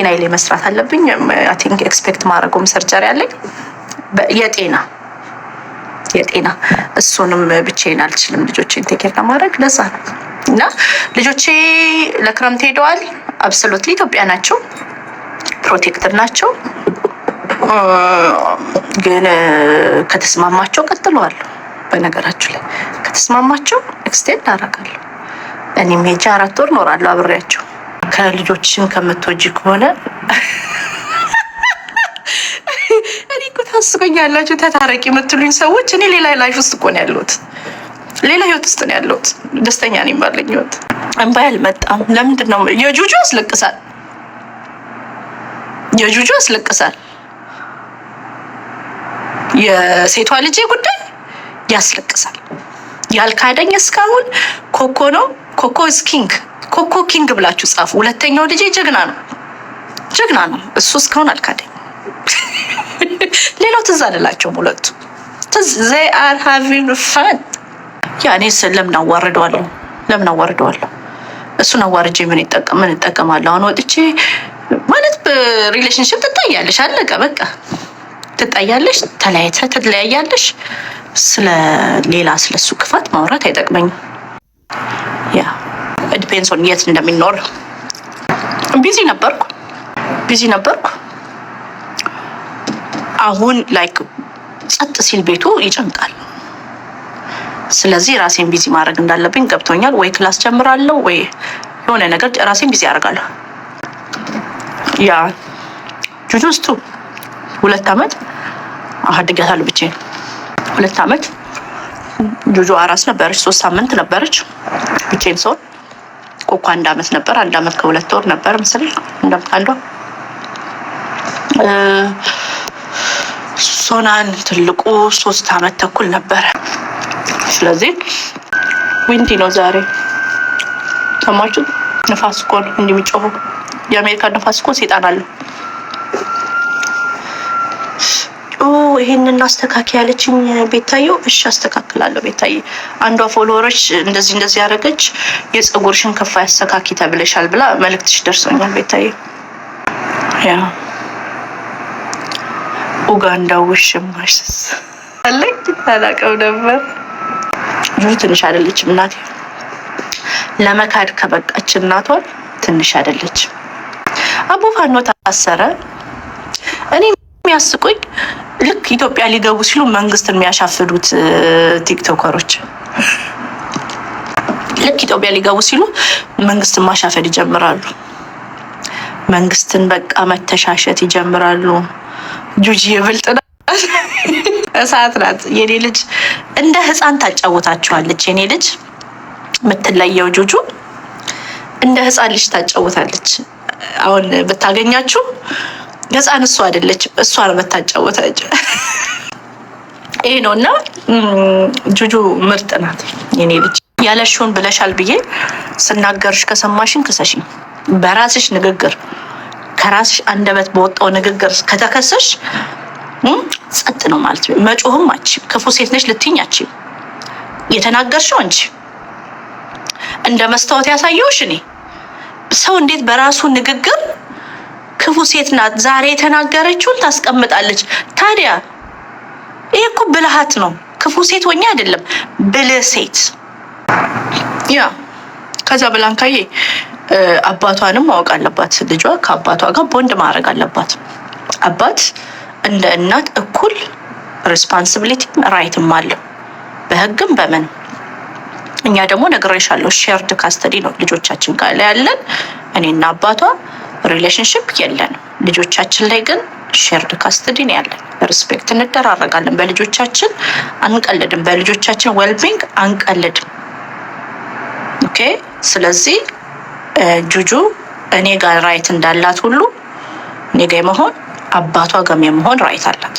ጤና ላይ መስራት አለብኝ። ቲንክ ኤክስፔክት ማድረጉም ሰርጀሪ አለኝ። የጤና የጤና እሱንም ብቻዬን አልችልም። ልጆቼን ቴኬር ለማድረግ ለዛ ነው እና ልጆቼ ለክረምት ሄደዋል። አብሶሉትሊ ኢትዮጵያ ናቸው፣ ፕሮቴክትር ናቸው። ግን ከተስማማቸው ቀጥለዋለሁ። በነገራችሁ ላይ ከተስማማቸው ኤክስቴንድ አደርጋለሁ። እኔም ሄጄ አራት ወር እኖራለሁ አብሬያቸው ከልጆችሽን ከምትወጂ ከሆነ እኔ እኮ ታስቆኛላችሁ። ተታረቂ የምትሉኝ ሰዎች እኔ ሌላ ላይፍ ውስጥ እኮ ነው ያለሁት፣ ሌላ ህይወት ውስጥ ነው ያለሁት። ደስተኛ ነኝ ባለኝ ህይወት። እንባዬ አልመጣም። ለምንድን ነው የጁጁ ያስለቅሳል፣ የጁጁ ያስለቅሳል። የሴቷ ልጄ ጉዳይ ያስለቅሳል። ያልካደኝ እስካሁን ኮኮ ነው። ኮኮ ስኪንግ ኮኮ ኪንግ ብላችሁ ጻፉ። ሁለተኛው ልጄ ጀግና ነው፣ ጀግና ነው እሱ እስካሁን አልካደኝ። ሌላው ትዝ አልላቸውም ሁለቱ ዘይ አር ሃቪንግ ፋን። ያ እኔ ለምን አዋርደዋለሁ? ለምን አዋርደዋለሁ? እሱን አዋርጄ ምን እጠቀማለሁ? አሁን ወጥቼ ማለት በሪሌሽንሽፕ ትጠያለሽ፣ አለቀ በቃ ትጠያለሽ፣ ተለያይተ ትለያያለሽ። ስለ ሌላ ስለሱ ክፋት ማውራት አይጠቅመኝም። ፔንሶን የት እንደሚኖር ቢዚ ነበርኩ ቢዚ ነበርኩ። አሁን ላይክ ጸጥ ሲል ቤቱ ይጨምቃል። ስለዚህ ራሴን ቢዚ ማድረግ እንዳለብኝ ገብቶኛል። ወይ ክላስ ጀምራለሁ ወይ የሆነ ነገር ራሴን ቢዚ ያደርጋለሁ። ያ ጁጁ ውስጡ ሁለት አመት አድጋታል ብቼ ሁለት አመት ጁጁ አራስ ነበረች፣ ሶስት ሳምንት ነበረች ብቼን ሰውን እኮ አንድ አመት ነበር፣ አንድ አመት ከሁለት ወር ነበር መሰለኝ። አንድ ሶናን ትልቁ ሶስት አመት ተኩል ነበረ። ስለዚህ ዊንቲ ነው ዛሬ ሰማችሁ። ንፋስ እኮ ነው እንዲህ የአሜሪካ ንፋስ እኮ ሴጣን አለው። ይሄንን አስተካክል ያለችኝ ቤታዬ፣ እሺ አስተካክላለሁ ቤታዬ። አንዷ ፎሎወሮች እንደዚህ እንደዚህ ያደረገች የፀጉርሽን ከፋ ያስተካኪ ተብለሻል ብላ መልእክትሽ ደርሶኛል ቤታዬ። ያ ኡጋንዳ ውሽማሽስ አለኝ አላውቅም ነበር። ብዙ ትንሽ አይደለችም እናቴ፣ ለመካድ ከበቃች እናቷን ትንሽ አይደለችም። አቦ ፋኖ ታሰረ እኔ የሚያስቁኝ ልክ ኢትዮጵያ ሊገቡ ሲሉ መንግስት የሚያሻፍዱት ቲክቶከሮች ልክ ኢትዮጵያ ሊገቡ ሲሉ መንግስትን ማሻፈድ ይጀምራሉ። መንግስትን በቃ መተሻሸት ይጀምራሉ። ጁጂ የብልጥ እሳት ናት። የኔ ልጅ እንደ ህፃን ታጫወታችኋለች። የኔ ልጅ የምትለየው ጁጁ እንደ ህፃን ልጅ ታጫወታለች። አሁን ብታገኛችሁ ህፃን እሱ አይደለችም። እሷ ነው የምታጫወተች። ይሄ ነው እና ጁጁ ምርጥ ናት የኔ ልጅ። ያለሽውን ብለሻል ብዬ ስናገርሽ ከሰማሽን ክሰሽኝ። በራስሽ ንግግር ከራስሽ አንደበት በወጣው ንግግር ከተከሰሽ ጸጥ ነው ማለት ነው። መጮህም አንቺ ክፉ ሴት ነች ልትኝ አንቺ የተናገርሽው እንጂ እንደ መስታወት ያሳየውሽ እኔ ሰው እንዴት በራሱ ንግግር ክፉ ሴት ናት። ዛሬ የተናገረችውን ታስቀምጣለች። ታዲያ ይሄ እኮ ብልሃት ነው። ክፉ ሴት ወኛ አይደለም ብልህ ሴት ያ ከዛ ብላንካዬ አባቷንም ማወቅ አለባት። ልጇ ከአባቷ ጋር ቦንድ ማድረግ አለባት። አባት እንደ እናት እኩል ሬስፓንሲቢሊቲ ራይትም አለው በህግም በምን እኛ ደግሞ ነግሬሻለሁ፣ ሼርድ ካስተዲ ነው ልጆቻችን ጋር ያለን እኔና አባቷ ሪሌሽንሽፕ የለንም። ልጆቻችን ላይ ግን ሼርድ ካስትዲን ያለን ሪስፔክት እንደራረጋለን። በልጆቻችን አንቀልድም። በልጆቻችን ዌልቢንግ አንቀልድም። ኦኬ። ስለዚህ ጁጁ እኔ ጋር ራይት እንዳላት ሁሉ እኔ ጋ የመሆን አባቷ ጋም የመሆን ራይት አላት።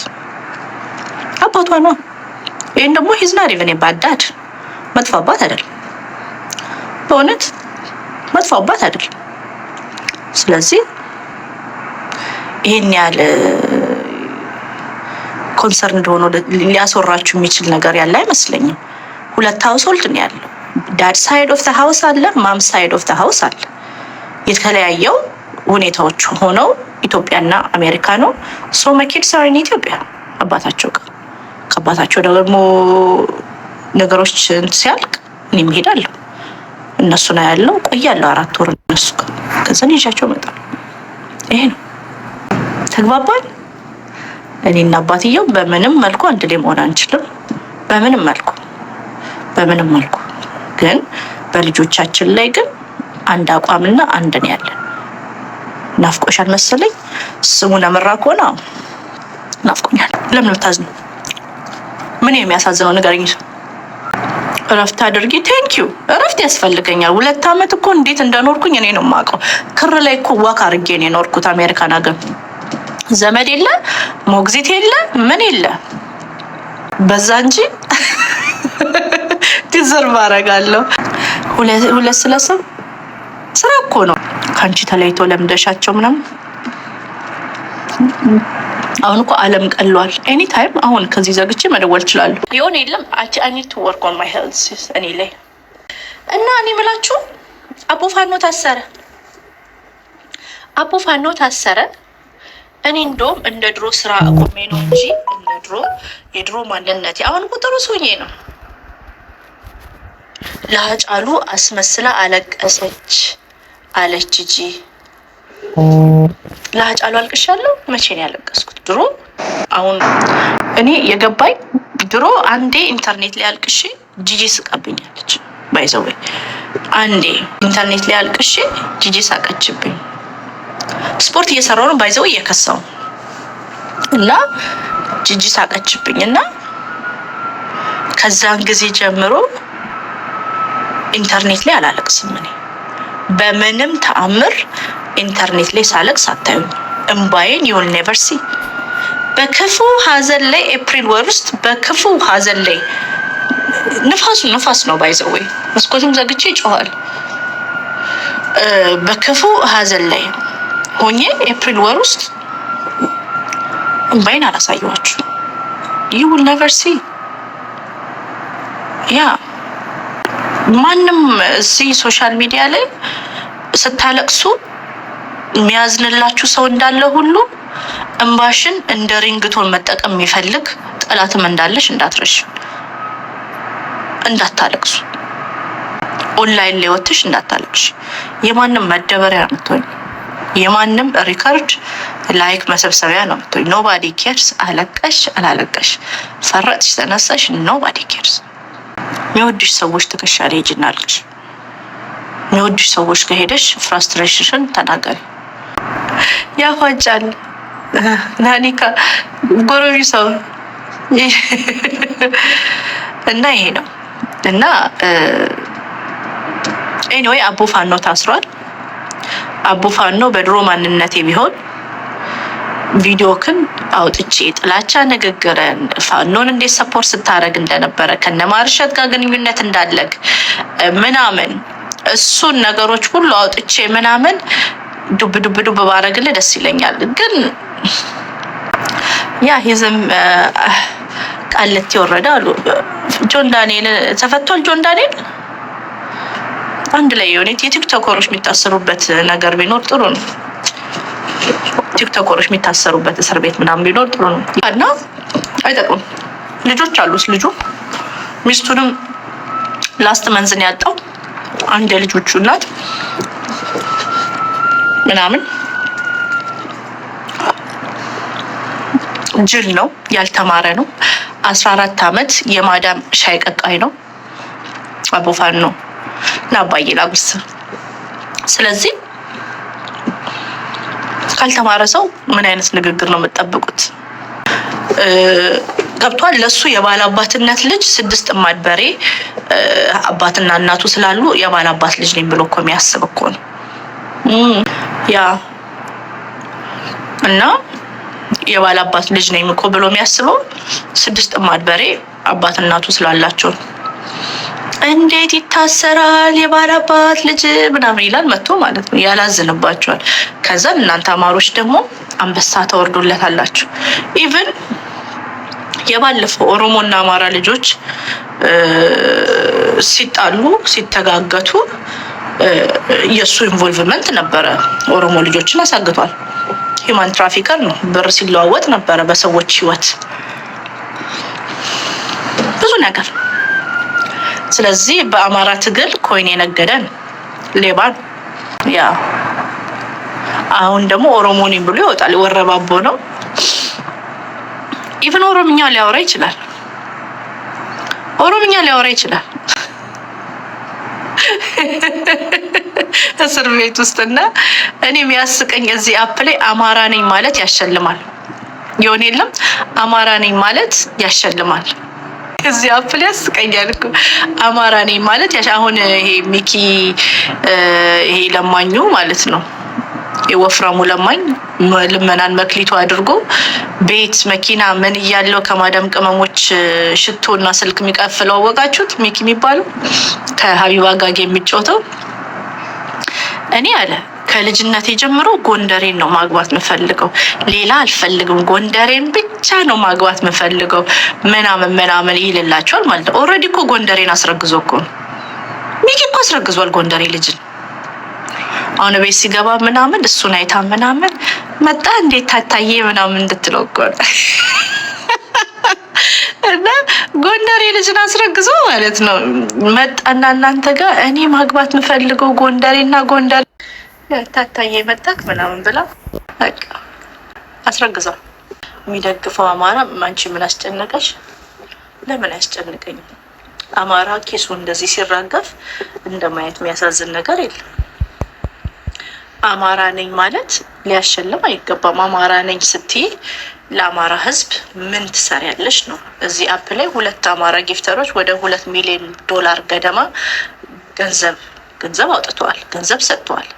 አባቷ ነው። ይህን ደግሞ ሂዝና ሪቨን ባዳድ መጥፎ አባት አይደል፣ በእውነት መጥፎ አባት አይደለም። ስለዚህ ይህን ያህል ኮንሰርን እንደሆነ ሊያስወራችሁ የሚችል ነገር ያለ አይመስለኝም። ሁለት ሀውስ ሆልድ ነው ያለው። ዳድ ሳይድ ኦፍ ሀውስ አለ፣ ማም ሳይድ ኦፍ ሀውስ አለ። የተለያየው ሁኔታዎች ሆነው ኢትዮጵያና አሜሪካ ነው። ሶ መኬድ ሰርን ኢትዮጵያ አባታቸው ጋር ከአባታቸው ደግሞ ነገሮች ሲያልቅ እኔም እሄዳለሁ እነሱ ነው ያለው። ቆያለሁ አራት ወር እነሱ ጋር ከዛን ይዣቸው መጣ። ይሄ ነው ተግባባል። እኔና አባትየው በምንም መልኩ አንድ ላይ መሆን አንችልም። በምንም መልኩ በምንም መልኩ ግን በልጆቻችን ላይ ግን አንድ አቋምና አንድ ነው ያለን። ናፍቆሻል መሰለኝ ስሙን አመራ ከሆነ ናፍቆኛል። ለምን ብታዝነው? ምን የሚያሳዝነው ነገር ይሄ እረፍት አድርጊ። ቴንኪዩ እረፍት ያስፈልገኛል። ሁለት ዓመት እኮ እንዴት እንደኖርኩኝ እኔ ነው የማውቀው። ክር ላይ እኮ ዋክ አድርጌ ነው የኖርኩት። አሜሪካን አገር ዘመድ የለ ሞግዚት የለ ምን የለ በዛ እንጂ ዲዘርቭ አደርጋለሁ። ሁለት ስለስም ስራ እኮ ነው። ከአንቺ ተለይቶ ለምደሻቸው ምናምን አሁን እኮ አለም ቀሏል። ኤኒ ታይም አሁን ከዚህ ዘግቼ መደወል እችላለሁ። የሆነ የለም አይኒድ ወርክ ኦን ማይ ሄልዝ እኔ ላይ እና እኔ ምላችሁ አቦ ፋኖ ታሰረ፣ አቦ ፋኖ ታሰረ። እኔ እንደውም እንደ ድሮ ስራ አቁሜ ነው እንጂ እንደ ድሮ የድሮ ማንነቴ አሁን ቁጥሩ ሶኜ ነው። ለሀጫሉ አስመስላ አለቀሰች አለች እጂ ለሀጫሉ አልቅሻለሁ። መቼ ነው ያለቀስኩት? ድሮ አሁን እኔ የገባኝ ድሮ አንዴ ኢንተርኔት ላይ አልቅሼ ጂጂ ስቃብኛለች። ባይዘወ አንዴ ኢንተርኔት ላይ አልቅሼ ጂጂ ሳቀችብኝ። ስፖርት እየሰራው ነው ባይዘወ እየከሳው እና ጂጂ ሳቀችብኝ እና ከዛን ጊዜ ጀምሮ ኢንተርኔት ላይ አላለቅስም። እኔ በምንም ተአምር ኢንተርኔት ላይ ሳለቅስ አታዩኝ። እምባዬን ዩል ኔቨር ሲ በክፉ ሀዘን ላይ ኤፕሪል ወር ውስጥ በክፉ ሀዘን ላይ ንፋሱ ንፋስ ነው ባይዘወይ መስኮትም ዘግቼ ይጮኋል። በክፉ ሀዘን ላይ ሆኜ ኤፕሪል ወር ውስጥ እምባይን አላሳየኋችሁ። ዩ ውል ነቨር ሲ ያ ማንም እዚህ ሶሻል ሚዲያ ላይ ስታለቅሱ የሚያዝንላችሁ ሰው እንዳለ ሁሉ እምባሽን እንደ ሪንግቶን መጠቀም የሚፈልግ ጠላትም እንዳለሽ እንዳትረሽ፣ እንዳታለቅሱ፣ ኦንላይን ላይ ወጥሽ እንዳታለቅሽ። የማንም መደበሪያ ነው የምትሆኝ፣ የማንም ሪከርድ ላይክ መሰብሰቢያ ነው የምትሆኝ። ኖባዲ ኬርስ አለቀሽ አላለቀሽ፣ ፈረጥሽ ተነሳሽ፣ ኖባዲ ኬርስ። የሚወድሽ ሰዎች ትከሻ ላይ ሂጂና አልቅሽ። የሚወድሽ ሰዎች ከሄደሽ ፍራስትሬሽን ተናገሪ፣ ያፋጫል ናኒካ ጎረቤ ሰው እና ይሄ ነው እና ኤኒዌይ አቦ ፋኖ ታስሯል። አቦ ፋኖ በድሮ ማንነቴ ቢሆን ቪዲዮክን አውጥቼ ጥላቻ ንግግርን ፋኖን እንዴት ሰፖርት ስታደረግ እንደነበረ ከነማርሸት ጋር ግንኙነት እንዳለግ ምናምን እሱን ነገሮች ሁሉ አውጥቼ ምናምን ዱብ ዱብ ዱብ ባረግልህ ደስ ይለኛል። ግን ያ ሂዝም ቃለት የወረደ አሉ። ጆን ዳንኤል ተፈቷል። ጆን ዳንኤል አንድ ላይ የሆነ የቲክቶከሮች የሚታሰሩበት ነገር ቢኖር ጥሩ ነው። ቲክቶከሮች የሚታሰሩበት እስር ቤት ምናምን ቢኖር ጥሩ ነው እና አይጠቅምም። ልጆች አሉት ልጁ ሚስቱንም ላስት መንዝን ያጣው አንድ የልጆቹ እናት ምናምን ጅል ነው፣ ያልተማረ ነው። አስራ አራት አመት የማዳም ሻይ ቀቃይ ነው። አቦፋን ነው አባዬ ላጉስ። ስለዚህ ካልተማረ ሰው ምን አይነት ንግግር ነው የምጠብቁት? ገብቷል። ለሱ የባል አባትነት ልጅ ስድስት እማድ በሬ አባትና እናቱ ስላሉ የባል አባት ልጅ ነኝ ብሎ እኮ የሚያስብ እኮ ነው። ያ እና አባት ልጅ ነኝ እኮ ብሎ የሚያስበው ስድስት እማድ በሬ አባት እናቱ ስላላቸው እንዴት ይታሰራል የባል አባት ልጅ ምናምን ይላል መጥቶ ማለት ነው። ያላዝንባቸዋል። ከዛ እናንተ አማሮች ደግሞ አንበሳ ተወርዶለታላችሁ። ኢቭን የባለፈው ኦሮሞና አማራ ልጆች ሲጣሉ ሲተጋገቱ የእሱ ኢንቮልቭመንት ነበረ። ኦሮሞ ልጆችን አሳግቷል። ሂማን ትራፊከር ነው። ብር ሲለዋወጥ ነበረ በሰዎች ህይወት ብዙ ነገር። ስለዚህ በአማራ ትግል ኮይን የነገደን ሌባን ያ አሁን ደግሞ ኦሮሞ ነኝ ብሎ ይወጣል። ወረባቦ ነው። ኢቨን ኦሮምኛ ሊያወራ ይችላል። ኦሮምኛ ሊያወራ ይችላል። እስር ቤት ውስጥ እና እኔ የሚያስቀኝ እዚህ አፕ ላይ አማራ ነኝ ማለት ያሸልማል። የሆነ የለም አማራ ነኝ ማለት ያሸልማል። እዚህ አፕ ላይ ያስቀኛል አማራ ነኝ ማለት አሁን ይሄ ሚኪ ይሄ ለማኙ ማለት ነው የወፍራሙ ለማኝ ልመናን መክሊቱ አድርጎ ቤት፣ መኪና፣ ምን እያለው ከማዳም ቅመሞች ሽቶ እና ስልክ የሚቀፍለው አወቃችሁት። ሚክ የሚባለው ከሀቢባ ጋጌ የሚጫወተው እኔ አለ ከልጅነት ጀምሮ ጎንደሬን ነው ማግባት ምፈልገው፣ ሌላ አልፈልግም፣ ጎንደሬን ብቻ ነው ማግባት ምፈልገው ምናምን ምናምን ይልላቸዋል ማለት ነው። ኦልሬዲ እኮ ጎንደሬን አስረግዞ እኮ ሚኪ እኮ አስረግዟል ጎንደሬ ልጅን አሁን ቤት ሲገባ ምናምን እሱን አይታ ምናምን መጣ እንዴት ታታዬ ምናምን እንድትለቆር እና ጎንደር ልጅን አስረግዞ ማለት ነው መጣና እናንተ ጋር እኔ ማግባት የምፈልገው ጎንደሬ እና ጎንደር ታታዬ መጣክ ምናምን ብላ አስረግዛ የሚደግፈው አማራ አንቺ ምን አስጨነቀሽ? ለምን አያስጨንቀኝ? አማራ ኬሱ እንደዚህ ሲራገፍ እንደማየት የሚያሳዝን ነገር የለም። አማራ ነኝ ማለት ሊያሸልም አይገባም። አማራ ነኝ ስትይ ለአማራ ህዝብ ምን ትሰሪያለሽ ነው። እዚህ አፕ ላይ ሁለት አማራ ጊፍተሮች ወደ ሁለት ሚሊዮን ዶላር ገደማ ገንዘብ ገንዘብ አውጥተዋል፣ ገንዘብ ሰጥተዋል።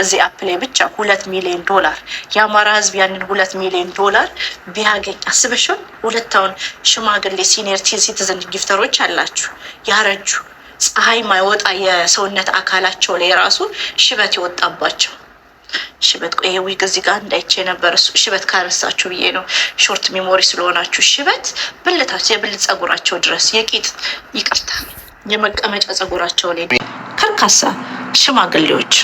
እዚህ አፕ ላይ ብቻ ሁለት ሚሊዮን ዶላር የአማራ ህዝብ ያንን ሁለት ሚሊዮን ዶላር ቢያገኝ አስበሽውን ሁለታውን ሽማግሌ ሲኒየር ሲቲዝን ጊፍተሮች አላችሁ ያረጁ ፀሐይ ማይወጣ የሰውነት አካላቸው ላይ ራሱ ሽበት ይወጣባቸው ሽበት ይሄ ዊግ እዚህ ጋር እንዳይቼ ነበር። እሱ ሽበት ካነሳችሁ ብዬ ነው። ሾርት ሜሞሪ ስለሆናችሁ ሽበት ብልታቸው የብልት ጸጉራቸው ድረስ የቂጥ ይቅርታ፣ የመቀመጫ ጸጉራቸው ላይ ከርካሳ ሽማግሌዎች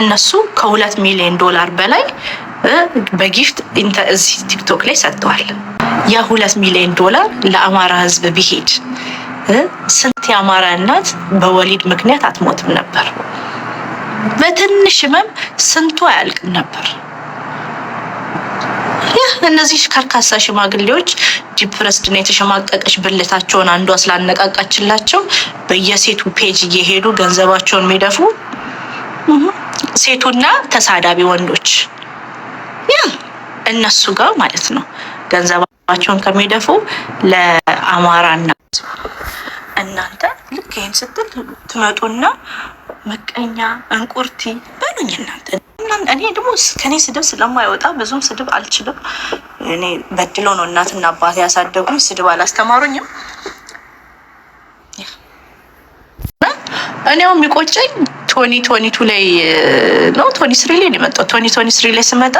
እነሱ ከሁለት ሚሊዮን ዶላር በላይ በጊፍት እዚህ ቲክቶክ ላይ ሰጥተዋል። ያ ሁለት ሚሊዮን ዶላር ለአማራ ህዝብ ቢሄድ ስንት የአማራ እናት በወሊድ ምክንያት አትሞትም ነበር? በትንሽ ህመም ስንቱ አያልቅም ነበር። ያ እነዚህ ከርካሳ ሽማግሌዎች ነው የተሸማቀቀች ብልታቸውን አንዷ ስላነቃቃችላቸው በየሴቱ ፔጅ እየሄዱ ገንዘባቸውን የሚደፉ ሴቱና ተሳዳቢ ወንዶች ያ እነሱ ጋር ማለት ነው። ገንዘባቸውን ከሚደፉ ለአማራና እናንተ ልክ ይህን ስትል ትመጡና ምቀኛ፣ እንቁርቲ በሉኝ እናንተ። እኔ ደግሞ ከኔ ስድብ ስለማይወጣ ብዙም ስድብ አልችልም። እኔ በድለው ነው እናትና አባት ያሳደጉኝ፣ ስድብ አላስተማሩኝም። እኔ የሚቆጨኝ ቶኒ ቶኒ ቱ ላይ ነው ቶኒ ስሪ ላይ ነው የመጣው። ቶኒ ቶኒ ስሪ ላይ ስመጣ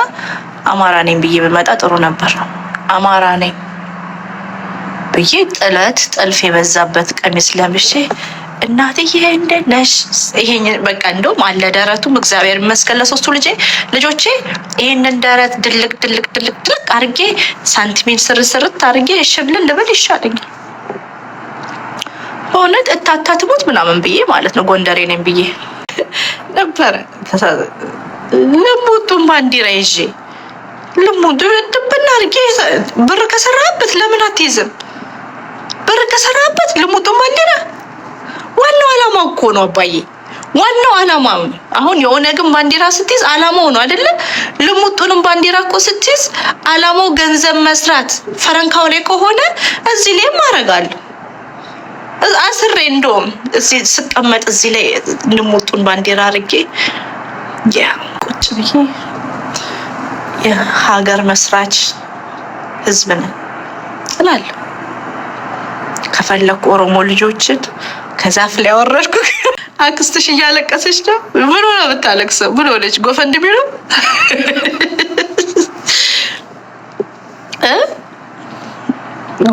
አማራ ነኝ ብዬ ብመጣ ጥሩ ነበር። አማራ ነኝ ብዬ ጥለት ጥልፍ የበዛበት ቀሚስ ለብሼ እናትዬ እንደ ነሽ? ይሄ በቃ እንደውም አለ ደረቱም እግዚአብሔር ይመስገን ለሶስቱ ልጄ ልጆቼ ይሄንን ደረት ድልቅ ድልቅ ድልቅ ድልቅ አርጌ ሳንቲሜን ስርስርት አርጌ እሽብልን ልብል ይሻለኛል። በእውነት እታታትሙት ምናምን ብዬ ማለት ነው ጎንደሬ ነኝ ብዬ ነበረ ልሙጡን ባንዲራ ይዤ ልሙጡ ድብና አርጌ ብር ከሰራበት ለምን አትይዝም? ብር ከሰራበት ልሙጡን ባንዲራ ዋናው አላማው እኮ ነው አባዬ፣ ዋናው አላማው አሁን የኦነግን ባንዲራ ስትይዝ አላማው ነው አይደለ? ልሙጡንም ባንዲራ እኮ ስትይዝ አላማው ገንዘብ መስራት። ፈረንካው ላይ ከሆነ እዚህ ላይ አደርጋለሁ አስሬ እንደውም ስቀመጥ እዚህ ላይ ልሙጡን ባንዲራ አርጌ ያ ቁጭ ብዬ የሀገር መስራች ህዝብ ነን እላለሁ። ከፈለኩ ኦሮሞ ልጆችን ከዛፍ ላይ አወረድኩ አክስትሽ እያለቀሰች ነው። ምን ሆነ ብታለቅሰው? ምን ሆነች? ጎፈንድሚ ነው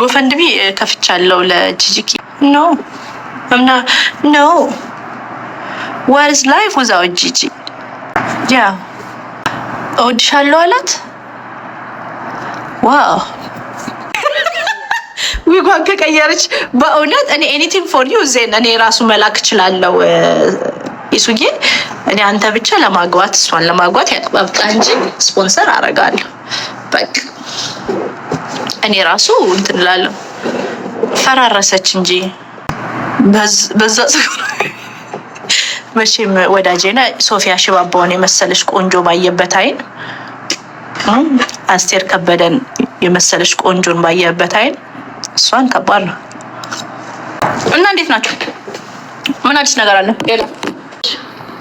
ጎፈንድሚ ከፍቻለው ለጂጂኪ ኖ እምና ኖ ወርዝ ላይፍ ውዛው ጂጂ ያ እወድሻለሁ አላት ዋው ዊጓን ከቀየረች በእውነት እኔ ኤኒቲንግ ፎር ዩ ዜን እኔ ራሱ መላክ እችላለሁ። ኢሱጌ እኔ አንተ ብቻ ለማግባት እሷን ለማግባት ያቅባብቃ እንጂ ስፖንሰር አረጋለሁ። በቃ እኔ ራሱ እንትን እላለሁ። ፈራረሰች እንጂ በዛ መቼም ወዳጄና ሶፊያ ሽባባውን የመሰለች ቆንጆ ባየበት አይን አስቴር ከበደን የመሰለች ቆንጆን ባየበት አይን እሷን ከባድ ነው። እና እንዴት ናቸው? ምን አዲስ ነገር አለ?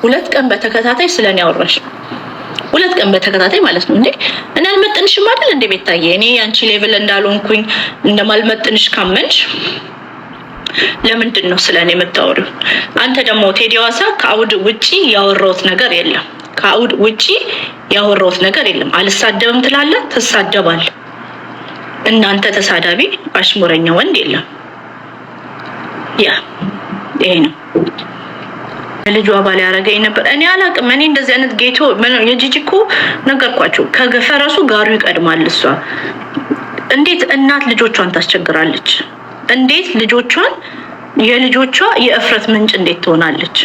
ሁለት ቀን በተከታታይ ስለኔ አወራሽ። ሁለት ቀን በተከታታይ ማለት ነው እንዴ? እኔ አልመጥንሽም አይደል እንዴ? ቤታዬ እኔ ያንቺ ሌቭል እንዳልሆንኩኝ እንደማልመጥንሽ ካመንሽ ለምንድን ነው ስለኔ የምታወሪው? አንተ ደግሞ ቴዲ ዋሳ ከአውድ ውጪ ያወራሁት ነገር የለም። ከአውድ ውጪ ያወራሁት ነገር የለም። አልሳደብም ትላለህ፣ ትሳደባለህ እናንተ ተሳዳቢ አሽሙረኛ ወንድ የለም። ያ ይሄ ነው ልጁ አባል ያደረገኝ ነበር። እኔ አላቅም። እኔ እንደዚህ አይነት ጌቶ የጂጂ እኮ ነገርኳቸው። ከፈረሱ ጋሩ ይቀድማል። እሷ እንዴት እናት ልጆቿን ታስቸግራለች? እንዴት ልጆቿን የልጆቿ የእፍረት ምንጭ እንዴት ትሆናለች?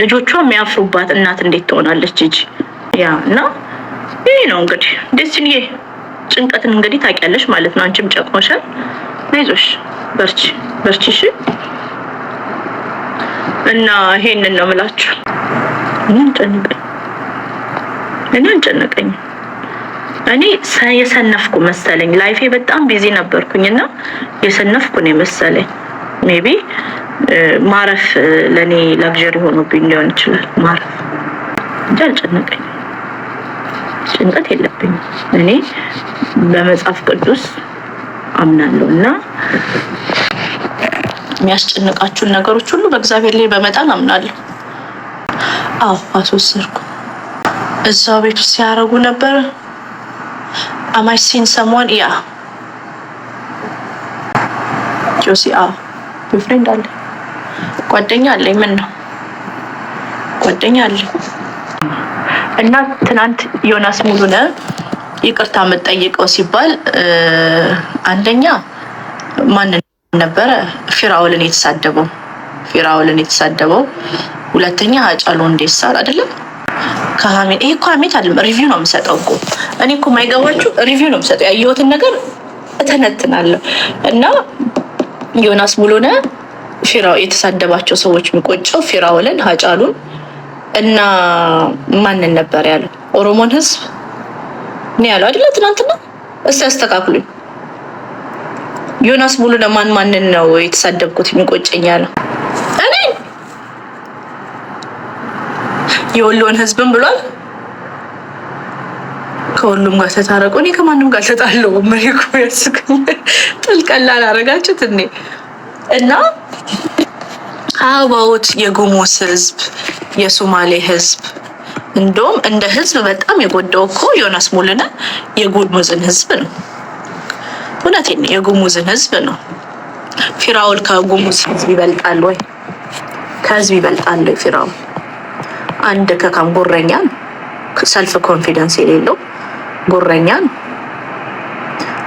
ልጆቿ የሚያፍሩባት እናት እንዴት ትሆናለች? ጂጂ ያ እና ይህ ነው እንግዲህ ደስ ጭንቀትን እንግዲህ ታውቂያለሽ ማለት ነው። አንቺም ጨቆሻል። አይዞሽ፣ በርቺ፣ በርቺ። እሺ። እና ይሄንን ነው የምላችሁ። እኔ አንጨነቀኝ፣ እኔ አንጨነቀኝ። እኔ የሰነፍኩ መሰለኝ። ላይፌ በጣም ቢዚ ነበርኩኝ እና የሰነፍኩ ነው የመሰለኝ። ሜቢ ማረፍ ለእኔ ላግዠሪ ሆኖብኝ ሊሆን ይችላል። ማረፍ እንጂ አልጨነቀኝ፣ ጭንቀት የለም። አለብኝ። እኔ በመጽሐፍ ቅዱስ አምናለሁ እና የሚያስጨንቃችሁን ነገሮች ሁሉ በእግዚአብሔር ላይ በመጣል አምናለሁ። አዎ አስወሰድኩ። እዛው ቤት ውስጥ ሲያደርጉ ነበር። አማይ ሲን ሰሞን ያ ጆሲ አ ፍሬንድ አለ ጓደኛ አለኝ። ምን ነው ጓደኛ አለኝ እና ትናንት ዮናስ ሙሉነ ይቅርታ የምጠይቀው ሲባል አንደኛ ማንን ነበረ? ፊራውልን የተሳደበው ፊራውልን የተሳደበው ሁለተኛ አጫሉ እንዴሳል አይደለም ከሀሜት ይሄ እኮ ሀሜት አይደለም፣ ሪቪው ነው የምሰጠው እኮ እኔ እኮ የማይገባችሁ ሪቪው ነው የምሰጠው። ያየሁትን ነገር እተነትናለሁ። እና ዮናስ ሙሉነ የተሳደባቸው ሰዎች የሚቆጨው ፊራውልን፣ ሀጫሉን እና ማንን ነበር ያለው? ኦሮሞን ህዝብ ነው ያለው አይደለ? ትናንትና። እስቲ አስተካክሉኝ። ዮናስ ሙሉ ለማን ማንን ነው የተሳደብኩት የሚቆጨኝ ያለው? እኔ የወሎን ህዝብን ብሏል። ከሁሉም ጋር ተታረቁ። እኔ ከማንም ጋር ተጣለው መሪኩ ያስገኝ ጥልቀላ አላረጋችሁት እኔ እና አበባዎት የጉሙዝ ህዝብ፣ የሶማሌ ህዝብ እንደውም እንደ ህዝብ በጣም የጎዳው እኮ ዮናስ ሙሉነ የጉሙዝን ህዝብ ነው። እውነቴን ነው፣ የጉሙዝን ህዝብ ነው። ፊራውል ከጉሙዝ ህዝብ ይበልጣል ወይ? ከህዝብ ይበልጣል ወይ? ፊራውል አንድ ከካም ጎረኛ ሰልፍ ኮንፊደንስ የሌለው ጎረኛ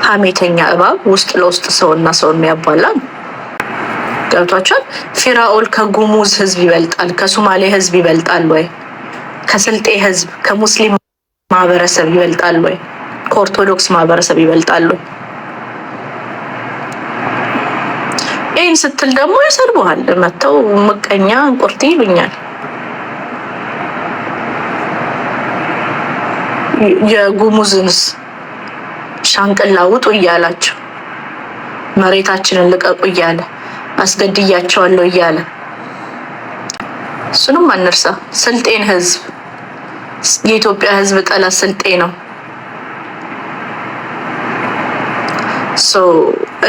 ሀሜተኛ እባብ ውስጥ ለውስጥ ሰውና ሰውን የሚያባላ ነው። ገብቷቸዋል። ፊራኦል ከጉሙዝ ህዝብ ይበልጣል፣ ከሱማሌ ህዝብ ይበልጣል ወይ? ከስልጤ ህዝብ ከሙስሊም ማህበረሰብ ይበልጣል ወይ? ከኦርቶዶክስ ማህበረሰብ ይበልጣሉ? ይህን ስትል ደግሞ ይሰድቡሃል። መጥተው ምቀኛ እንቁርቲ ይሉኛል። የጉሙዝንስ ሻንቅላ ውጡ እያላቸው መሬታችንን ልቀቁ እያለ አስገድያቸዋለሁ እያለ እሱንም አንርሳ። ስልጤን ህዝብ የኢትዮጵያ ህዝብ ጠላት ስልጤ ነው።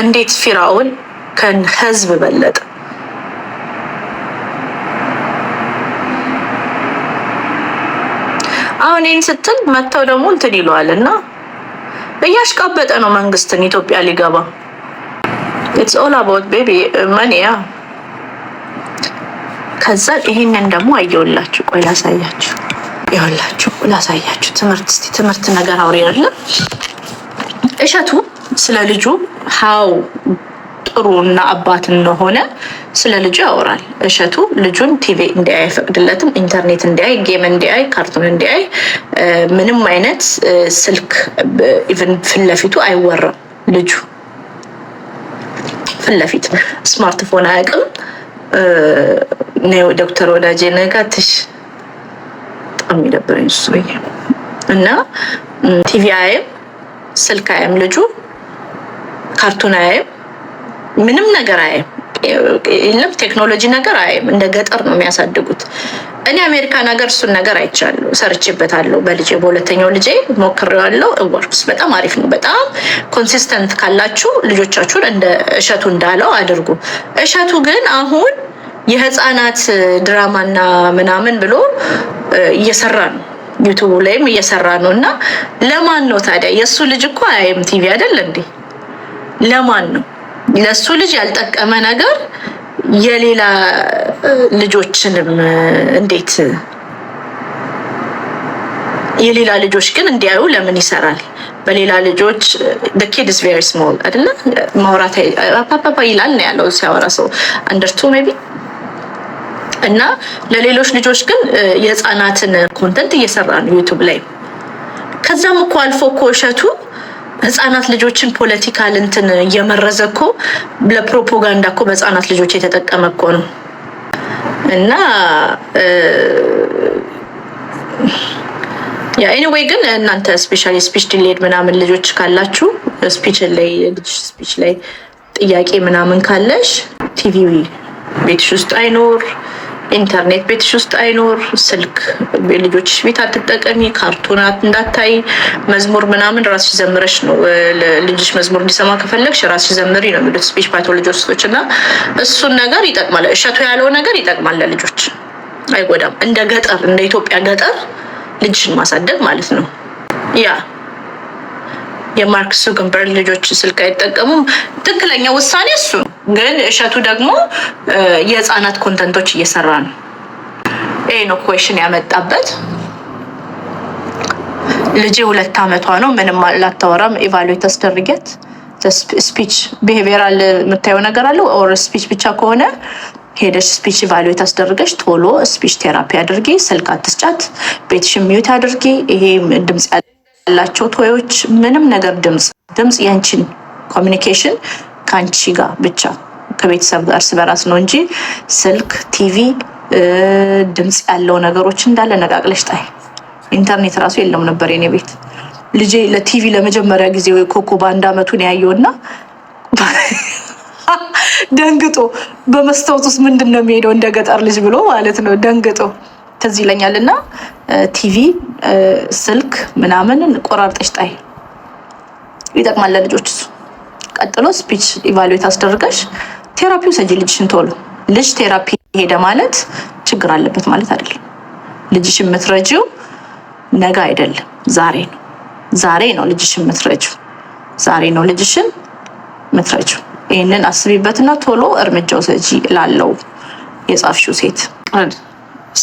እንዴት ፊራውን ከህዝብ በለጠ? አሁን ይህን ስትል መጥተው ደግሞ እንትን ይለዋል እና እያሽቃበጠ ነው መንግስትን ኢትዮጵያ ሊገባ ኢትስ ኦል አባውት ቤቢ መኒ ያ። ከዛ ይሄንን ደግሞ አየውላችሁ፣ ቆይ ላሳያችሁ፣ ይኸውላችሁ ላሳያችሁ። ትምህርት እስኪ ትምህርት ነገር አውሪ ያለ እሸቱ ስለ ልጁ ሀው ጥሩ እና አባት እንደሆነ ስለ ልጁ ያወራል። እሸቱ ልጁን ቲቪ እንዲያይ አይፈቅድለትም። ኢንተርኔት እንዲያይ፣ ጌም እንዲያይ፣ ካርቱን እንዲያይ፣ ምንም አይነት uh, ስልክ ኢቨን uh, ፊት ለፊቱ አይወራም ልጁ ፊት ለፊት ስማርትፎን አያውቅም። ዶክተር ወዳጄ ነጋትሽ በጣም የሚደብረኝ እሱ እና ቲቪ አይም ስልክ አይም ልጁ ካርቱን አይም ምንም ነገር አይም የለም ቴክኖሎጂ ነገር አይም እንደ ገጠር ነው የሚያሳድጉት። እኔ አሜሪካን ሀገር እሱን ነገር አይቻለሁ፣ ሰርቼበታለሁ። በልጄ በሁለተኛው ልጄ ሞክሬዋለሁ። ወርክስ በጣም አሪፍ ነው። በጣም ኮንሲስተንት ካላችሁ ልጆቻችሁን እንደ እሸቱ እንዳለው አድርጉ። እሸቱ ግን አሁን የህፃናት ድራማና ምናምን ብሎ እየሰራ ነው ዩቱቡ ላይም እየሰራ ነው። እና ለማን ነው ታዲያ? የእሱ ልጅ እኮ አያይም ቲቪ አይደል እንዴ? ለማን ነው ለእሱ ልጅ ያልጠቀመ ነገር የሌላ ልጆችንም እንዴት የሌላ ልጆች ግን እንዲያዩ ለምን ይሰራል? በሌላ ልጆች ኪድ ስ ቬሪ ስሞል አይደለ ማውራት ይላል ነው ያለው ሲያወራ ሰው አንደርቱ ቢ እና ለሌሎች ልጆች ግን የህፃናትን ኮንተንት እየሰራ ነው ዩቱብ ላይ ከዛም እኮ አልፎ እኮ እሸቱ ህጻናት ልጆችን ፖለቲካል እንትን እየመረዘ እኮ ለፕሮፓጋንዳ እኮ በህጻናት ልጆች የተጠቀመ እኮ ነው። እና ኤኒዌይ ግን እናንተ ስፔሻሊ ስፒች ዲሌድ ምናምን ልጆች ካላችሁ ስፒች ላይ ልጅ ስፒች ላይ ጥያቄ ምናምን ካለሽ ቲቪ ቤትሽ ውስጥ አይኖር ኢንተርኔት ቤትሽ ውስጥ አይኖር፣ ስልክ ልጆችሽ ቤት አትጠቀሚ፣ ካርቱናት እንዳታይ፣ መዝሙር ምናምን ራስሽ ዘምረሽ ነው ልጅሽ መዝሙር እንዲሰማ ከፈለግሽ ራስሽ ዘምሪ ነው የሚሉት ስፒች ፓቶሎጂስቶች። እና እሱን ነገር ይጠቅማል፣ እሸቱ ያለው ነገር ይጠቅማል ለልጆች አይጎዳም። እንደ ገጠር እንደ ኢትዮጵያ ገጠር ልጅሽን ማሳደግ ማለት ነው ያ የማርክ ዙከርበርግ ልጆች ስልክ አይጠቀሙም። ትክክለኛ ውሳኔ እሱ ነው። ግን እሸቱ ደግሞ የህፃናት ኮንተንቶች እየሰራ ነው። ይሄ ነው ኩዌሽን ያመጣበት። ልጄ ሁለት አመቷ ነው። ምንም አላታወራም። ኢቫሉዌት አስደርገት ስፒች ቢሄቪራል የምታየው ነገር አለው ኦር ስፒች ብቻ ከሆነ ሄደሽ ስፒች ኢቫሉዌት አስደርገሽ ቶሎ ስፒች ቴራፒ አድርጊ። ስልክ አትስጫት፣ ቤትሽ ሚዩት አድርጊ። ይሄ ድምፅ ያላቸው ቶዮች ምንም ነገር ድምፅ ድምፅ የንችን ኮሚኒኬሽን ከአንቺ ጋር ብቻ ከቤተሰብ ጋር እርስ በራስ ነው እንጂ ስልክ፣ ቲቪ፣ ድምፅ ያለው ነገሮች እንዳለ ነቃቅለሽ ጣይ። ኢንተርኔት ራሱ የለም ነበር የኔ ቤት። ልጄ ለቲቪ ለመጀመሪያ ጊዜ ወይ ኮኮ በአንድ አመቱን ያየውና ደንግጦ በመስታወት ውስጥ ምንድን ነው የሚሄደው እንደ ገጠር ልጅ ብሎ ማለት ነው ደንግጦ ትዝ ይለኛል። እና ቲቪ ስልክ ምናምን ቆራርጠሽ ጣይ፣ ይጠቅማል ለልጆች ቀጥሎ ስፒች ኢቫሉዌት አስደርገሽ ቴራፒው ሰጂ ልጅሽን ቶሎ። ልጅ ቴራፒ ሄደ ማለት ችግር አለበት ማለት አይደለም። ልጅሽ የምትረጂው ነገ አይደለም ዛሬ ነው። ዛሬ ነው ልጅሽን የምትረጂው። ዛሬ ነው ልጅሽን የምትረጂው። ይህንን አስቢበትና ቶሎ እርምጃው ሰጂ ላለው የጻፍሽው ሴት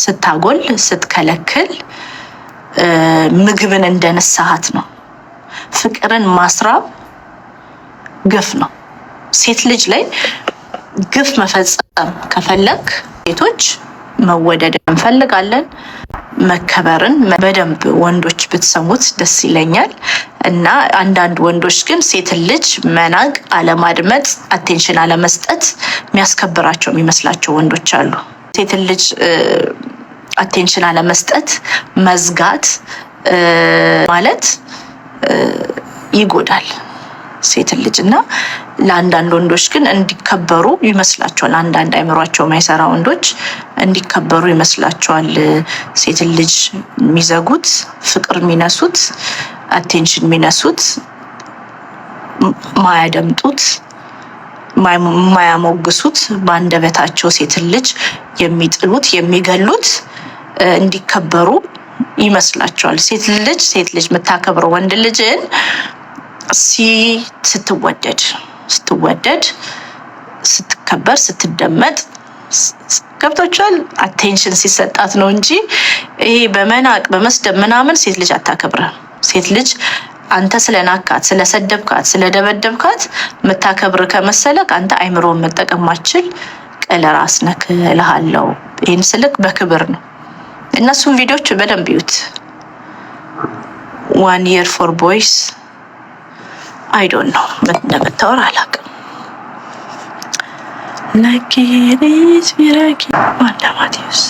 ስታጎል ስትከለክል ምግብን እንደ ነው። ፍቅርን ማስራብ ግፍ ነው። ሴት ልጅ ላይ ግፍ መፈጸም ከፈለግ ሴቶች መወደድ እንፈልጋለን፣ መከበርን በደንብ ወንዶች ብትሰሙት ደስ ይለኛል። እና አንዳንድ ወንዶች ግን ሴትን ልጅ መናቅ፣ አለማድመጥ፣ አቴንሽን አለመስጠት የሚያስከብራቸው የሚመስላቸው ወንዶች አሉ። ሴትን ልጅ አቴንሽን አለመስጠት፣ መዝጋት ማለት ይጎዳል። ሴትን ልጅ እና ለአንዳንድ ወንዶች ግን እንዲከበሩ ይመስላቸዋል። አንዳንድ አይምሯቸው የማይሰራ ወንዶች እንዲከበሩ ይመስላቸዋል። ሴትን ልጅ የሚዘጉት፣ ፍቅር የሚነሱት፣ አቴንሽን የሚነሱት፣ ማያደምጡት የማያሞግሱት በአንደበታቸው ሴትን ልጅ የሚጥሉት የሚገሉት እንዲከበሩ ይመስላቸዋል። ሴት ልጅ ሴት ልጅ የምታከብረው ወንድ ልጅን ስትወደድ ስትወደድ ስትከበር ስትደመጥ ገብቶቿል። አቴንሽን ሲሰጣት ነው እንጂ ይሄ በመናቅ በመስደብ ምናምን ሴት ልጅ አታከብርም ሴት ልጅ አንተ ስለናካት፣ ስለሰደብካት፣ ስለደበደብካት የምታከብር ከመሰለክ አንተ አይምሮ መጠቀማችል ማችል ራስ ነክ እልሃለሁ። ይህን ስልክ በክብር ነው። እነሱን ቪዲዮች በደንብ ይዩት። ዋን የር ፎር ቦይስ አይዶን ነው ምን እንደምታወር አላውቅም። ነኪሪስ ቢረኪ ማንዳ ማቴዎስ